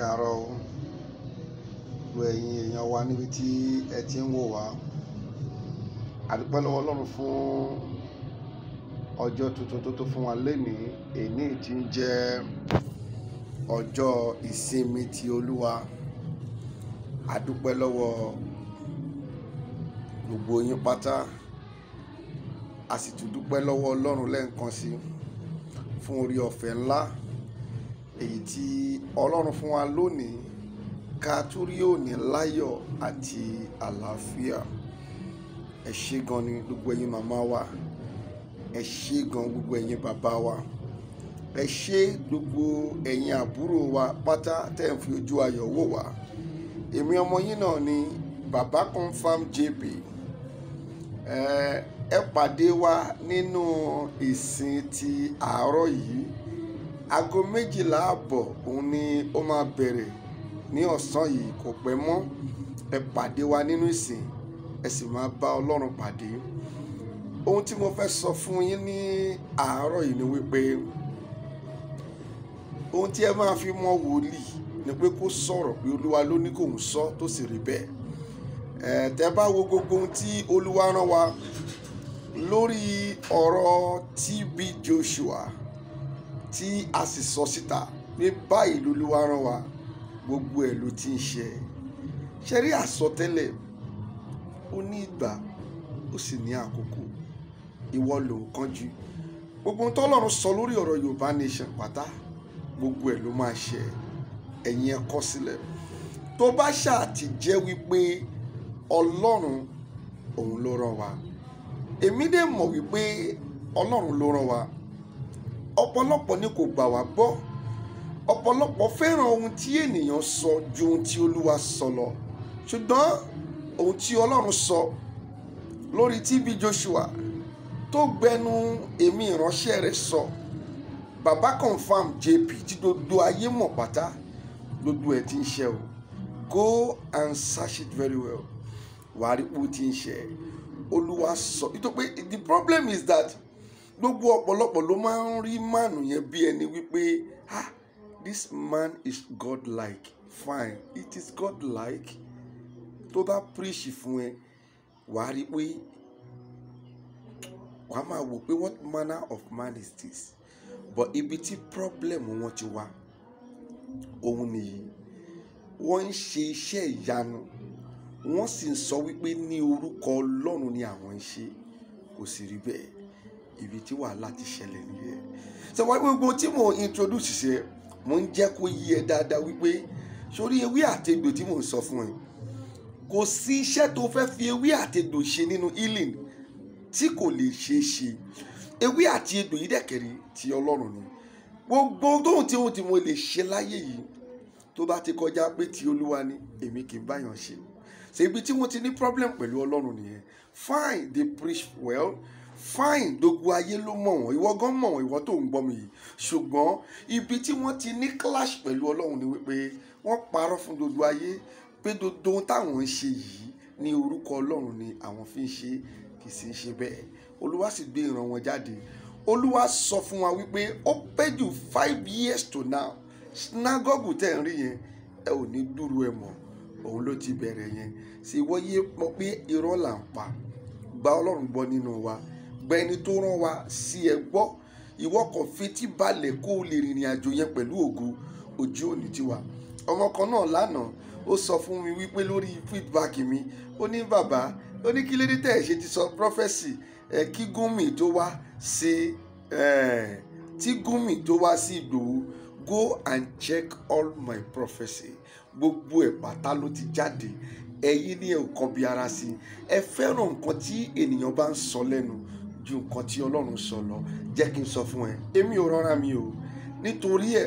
káàárọ̀ o gbogbo ẹ̀yin èèyàn wa níbi tí ẹ ti ń wò wá àdúpẹ́ lọ́wọ́ Ọlọ́run fún ọjọ́ tuntun tó tó fún wa lénìí èní tí ń jẹ́ ọjọ́ ìsinmi ti Olúwa àdúpẹ́ lọ́wọ́ gbogbo yín pátá a sì tún dúpẹ́ lọ́wọ́ Ọlọ́run lẹ́ẹ̀kan sí fún orí ọ̀fẹ́ ńlá èyí tí ọlọ́run fún wa lónìí ká tún rí òní láyọ̀ àti àlàáfíà ẹ ṣé gan ni gbogbo ẹ̀yin màmá wa ẹ ṣé gan gbogbo ẹ̀yin bàbá wa ẹ ṣé gbogbo ẹ̀yin àbúrò wa pátá tẹ́ ń fi ojú ayọ̀ wò wá èmi ọmọ yín náà ni bàbá confam jb ẹ ẹ pàdé wa nínú ìsìn ti àárọ̀ yìí aago méjìlá àbọ̀ òun ni ó máa bẹ̀rẹ̀ ní ọ̀sán yìí kò pẹ́ mọ́ ẹ pàdé wa nínú ìsìn ẹ sì máa bá ọlọ́run pàdé ohun tí mo fẹ́ sọ fún yín ní àárọ̀ yìí ni wípé ohun tí ẹ máa fi mọ wòlíì ni pé kó sọ̀rọ̀ pé olúwa ló ní kòun sọ tó sì rí bẹ́ẹ̀ ẹ tẹ́ bá wo gbogbo ohun tí olúwa rán wa lórí ọ̀rọ̀ TB Joshua tí a sì sọ síta pé báyìí lolúwa rán wa gbogbo ẹ̀ ló ti ń ṣe ṣe rí àsọtẹ́lẹ̀ ó ní ìgbà ó sì ní àkókò ìwọ ló ń kánjú gbogbo ohun tọ́lọ́run sọ lórí ọ̀rọ̀ Yorùbá Nation pátá gbogbo ẹ̀ ló máa ṣe ẹ̀yin ẹ kọ sílẹ̀ tó bá ṣáà ti jẹ́ wípé Ọlọ́run òun ló rán wa èmi dẹ̀ mọ̀ wípé Ọlọ́run ló rán wa ọ̀pọ̀lọpọ̀ ni kò gbà wá gbọ́ ọ̀pọ̀lọpọ̀ fẹ́ràn ohun tí ènìyàn sọ ju ohun tí olúwa sọ lọ ṣùgbọ́n ohun tí ọlọ́run sọ lórí tv joshua tó gbẹnu èmi ìránṣẹ́ rẹ̀ sọ baba confam jp tí gbogbo ayé mọ̀ pátá gbogbo ẹ̀ ti ń ṣe o go and search it very well wàá rí pé ó ti ń ṣe olúwa sọ nítorí the problem is that gbogbo ọ̀pọ̀lọpọ̀ ló máa ń rí mánu yẹn bí ẹni wípé ah this man is godlike fine it is godlike tó bá preach fún ẹ wàá rí pé wàá máa wò pé what manner of man is this but ibi tí problem wọn ti wá òun nìyí wọ́n ń ṣe iṣẹ́ ìyanu wọ́n sì ń sọ wípé ní orúkọ Ọlọ́run ni àwọn ń ṣe kò sì rí bẹ́ẹ̀ ibi tí wàhálà ti ṣẹlẹ̀ nìyẹn ṣe wá gbogbo tí mo introduce ṣe mo ń jẹ́ kó yí ẹ dáadáa wípé sórí ewé àtegbò tí mo ń sọ fún ẹ kò sí iṣẹ́ tó fẹ́ fi ewé àtegbò ṣe nínú healing tí kò lè ṣeé ṣe ewé àti egbò yìí dẹ̀kẹ̀rẹ̀ ti ọlọ́run ni gbogbo tóun tí ohun tí mo lè ṣe láyé yìí tó bá ti kọjá pé ti olúwa ni èmi kì í báyàn ṣe ṣèbí tí wọ́n ti ní problem pẹ̀lú ọlọ́run nìyẹn fine they preach well fine gbogbo ayé ló mọ̀ wọ́n ìwọ gan mọ̀ wọ́n ìwọ tó ń gbọ́ mi yìí ṣùgbọ́n ibi tí wọ́n ti ní clash pẹ̀lú ọlọ́run ni wípé wọ́n parọ́ fún gbogbo ayé pé gbogbo ohun táwọn ń ṣe yìí ní orúkọ ọlọ́run ni àwọn fi ń ṣe kì í sì ń ṣe bẹ́ẹ̀ olúwa sì gbé ìran wọn jáde olúwa sọ fún wa wípé ó pẹ́ jù five years to now sinagogu tẹ̀ ń rí yẹn ẹ ò ní dúró ẹ mọ̀ òun ló ti bẹ̀rẹ̀ yẹn sì wọ́n yé mọ̀ pé irọ́ là ń pa gba ọlọ́run gbọ́ nínú wa gbọ́ ẹni tó rán wa sí ẹ gbọ́ ìwọ kan fetí balẹ̀ kó o lè rìnrìn àjò yẹn pẹ̀lú ògo ojú òní tiwa ọmọ kan náà lánàá ó sọ fún mi wípé lórí feedback mi ó ní bàbá ó ní kí lédè tẹ̀ ṣe ti sọ prophesy ẹ kí Gumi tó wá sí tí Gumi tó wá sí Ìgbòho go and check all my prophesy gbogbo ẹ̀ pátá ló ti jáde ẹ̀yin ni ẹ ò kọbi ara sí ẹ fẹ́ràn nǹkan tí ènìyàn bá ń sọ lẹ́nu ju nǹkan tí ọlọ́run sọ lọ jẹ́ kí n sọ fún ẹ èmi ò rọra mi o nítorí ẹ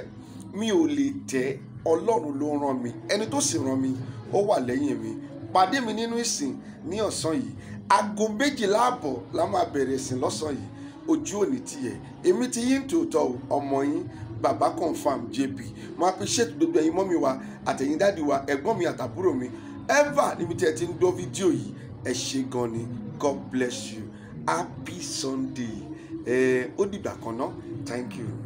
mi ò lè tẹ́ ọlọ́run ló rán mi ẹni tó sì rán mi ó wà lẹ́yìn mi pàdé mi nínú ìsìn ní ọ̀sán yìí aago méjìlá àbọ̀ la máa bẹ̀rẹ̀ ìsìn lọ́sàn yìí ojú òní tiẹ̀ èmi ti yín tòótọ́ ọmọ yín baba confam jp mo appreciate gbogbo ẹ̀yin mọ́mi wa àtẹ̀yin dáàdi wa ẹ̀gbọ́n mi àtàbúrò mi ever níbi tí ẹ ti ń gbọ́ fídíò yìí ẹ ṣe gan ni god bless you happy sunday eh, ó dìgbà kan náà thank you.